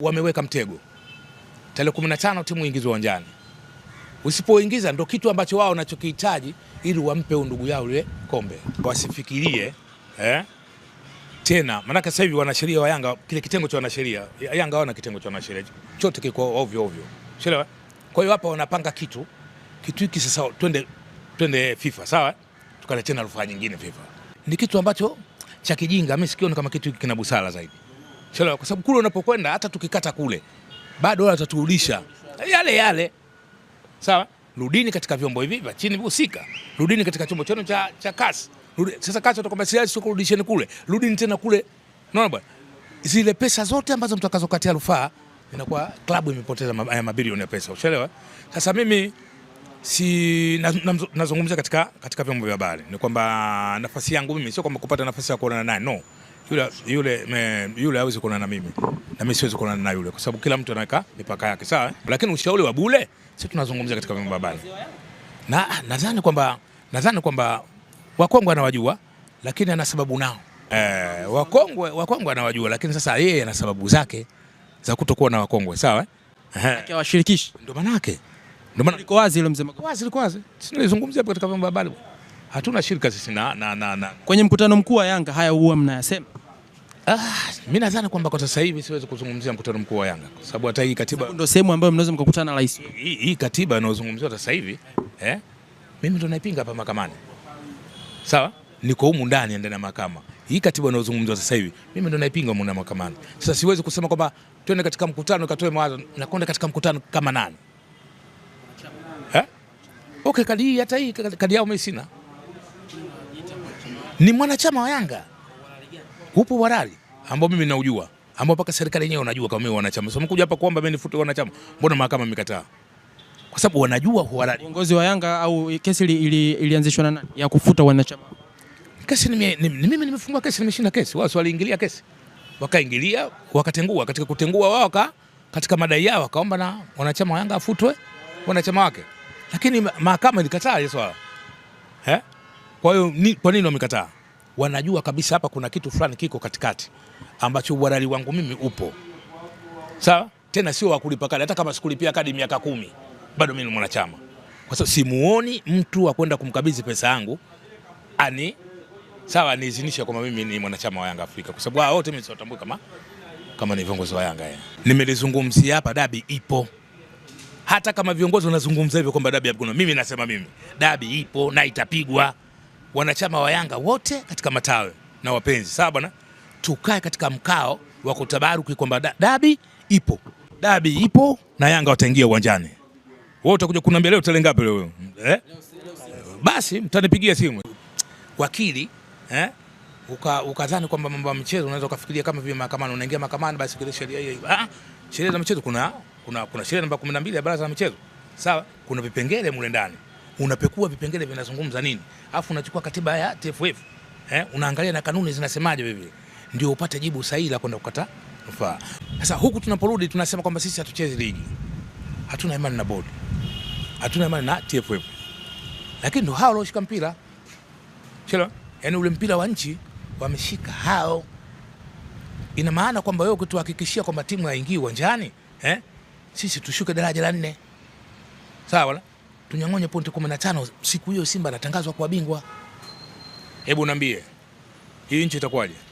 wameweka mtego, tarehe 15 timu ingizwe uwanjani. Usipoingiza ndo kitu ambacho wao wanachokihitaji ili wampe ndugu yao ile kombe, wasifikirie eh? tena maanake sasa hivi wanasheria wa Yanga, kile kitengo cha wanasheria Yanga wana kitengo cha wanasheria, chote kiko ovyo ovyo, unaelewa? Kwa hiyo hapa wanapanga kitu kitu hiki sasa, twende twende FIFA, sawa, tukale tena rufaa nyingine FIFA. Ni kitu ambacho cha kijinga, mimi sikioni kama kitu hiki kina busara zaidi. Chelewa kwa sababu kule unapokwenda hata tukikata kule bado wao wataturudisha yale yale. Sawa? Rudini katika vyombo hivi vya chini husika. Rudini katika chombo chenu cha cha kasi. Rudi, sasa kasi watakwambia si lazima kurudisheni kule. Rudini tena kule. Unaona bwana? Zile pesa zote ambazo mtakazokatia rufaa inakuwa klabu imepoteza haya eh, mabilioni ya pesa. Unaelewa? Sasa mimi si nazungumza na, na katika katika vyombo vya habari ni kwamba nafasi yangu mimi sio kwamba kupata nafasi ya kuonana naye no yule yule me, yule hawezi kuonana na mimi na mimi siwezi kuonana na yule, kwa sababu kila mtu anaweka mipaka yake, sawa. Lakini ushauri wa bure, sisi tunazungumzia katika vyombo vya habari, na nadhani kwamba nadhani kwamba wakongwe anawajua, lakini ana sababu nao eh, wakongwe wakongwe anawajua, lakini sasa yeye ana sababu zake za kutokuwa na wakongwe, sawa. Yake washirikishi, ndio maana yake, ndio maana liko wazi ile mzima, wazi liko wazi, sisi tunazungumzia katika vyombo vya habari, hatuna shirika sisi na, na, na, na. Kwenye mkutano mkuu wa Yanga haya huwa mnayasema Ah, mimi nadhani kwamba kwa sasa hivi siwezi kuzungumzia mkutano mkuu wa Yanga kwa sababu hata hii katiba ndio sehemu ambayo mnaweza mkakutana na rais. Hii, hii katiba inayozungumziwa sasa hivi eh, mimi ndo naipinga hapa mahakamani, sawa? Niko humu ndani ndani ya mahakama. Hii katiba inayozungumziwa sasa hivi mimi ndo naipinga humu ndani ya mahakamani. Sasa siwezi kusema kwamba twende katika mkutano katoe mawazo na kwenda katika mkutano kama nani eh? Okay, kadi hii hata hii kadi yao mimi sina, ni mwanachama wa Yanga upo Warali ambao mimi naujua ambao mpaka serikali yenyewe wanajua kama mimi wanachama. Sasa mkuja hapa kuomba mimi nifute wanachama, mbona mahakama imekataa? Kwa sababu wanajua uhalali. Uongozi wa Yanga au kesi ilianzishwa ili na nani ya kufuta wanachama? Kesi ni mimi, nimefungua kesi, nimeshinda kesi, wao waliingilia kesi, wakaingilia wakatengua. Katika kutengua wao waka, katika madai yao wakaomba na wanachama wa Yanga afutwe wanachama wake, lakini mahakama ilikataa hiyo swala eh. Kwa hiyo ni, kwa nini wamekataa? wanajua kabisa hapa kuna kitu fulani kiko katikati ambacho uhalali wangu mimi upo sawa. Tena sio wakulipa kadi, hata kama sikulipia kadi miaka kumi bado mimi ni mwanachama, kwa sababu simuoni mtu wa kwenda kumkabidhi pesa yangu ani sawa niizinishe kwamba mimi ni mwanachama wa Yanga Afrika, kwa sababu hao wote mimi siwatambui kama kama ni viongozi wa Yanga. Eh. Nimelizungumzia hapa, dabi ipo hata kama viongozi wanazungumza hivyo kwamba dabi hakuna, mimi nasema mimi dabi ipo na itapigwa wanachama wa Yanga wote katika matawi na wapenzi sawa bwana, tukae katika mkao wa kutabaruki kwamba dabi ipo, dabi ipo na Yanga wataingia uwanjani. Wewe utakuja kuniambia leo utalenga ngapi leo eh? Basi mtanipigia simu wakili eh? Ukadhani kwamba mambo ya michezo unaweza ukafikiria kama vile mahakamani, unaingia mahakamani, basi kile sheria hiyo. Ah, sheria za mchezo kuna kuna kuna sheria namba 12 ya baraza la michezo sawa, kuna vipengele mule ndani unapekua vipengele vinazungumza nini, afu unachukua katiba ya TFF eh, unaangalia na kanuni zinasemaje vile ndio upate jibu sahihi la kwenda kukata rufaa. Sasa huku tunaporudi tunasema kwamba sisi hatuchezi ligi, hatuna imani na bodi, hatuna imani na TFF, lakini ndio hao walioshika mpira Chelo, yani ule mpira wa nchi wameshika hao. Ina maana kwamba wewe ukituhakikishia kwamba timu haingii uwanjani eh, sisi tushuke daraja la nne, sawa? tunyang'onye pointi 15 siku hiyo Simba anatangazwa kuwa bingwa. Hebu niambie hii nchi itakuwaje?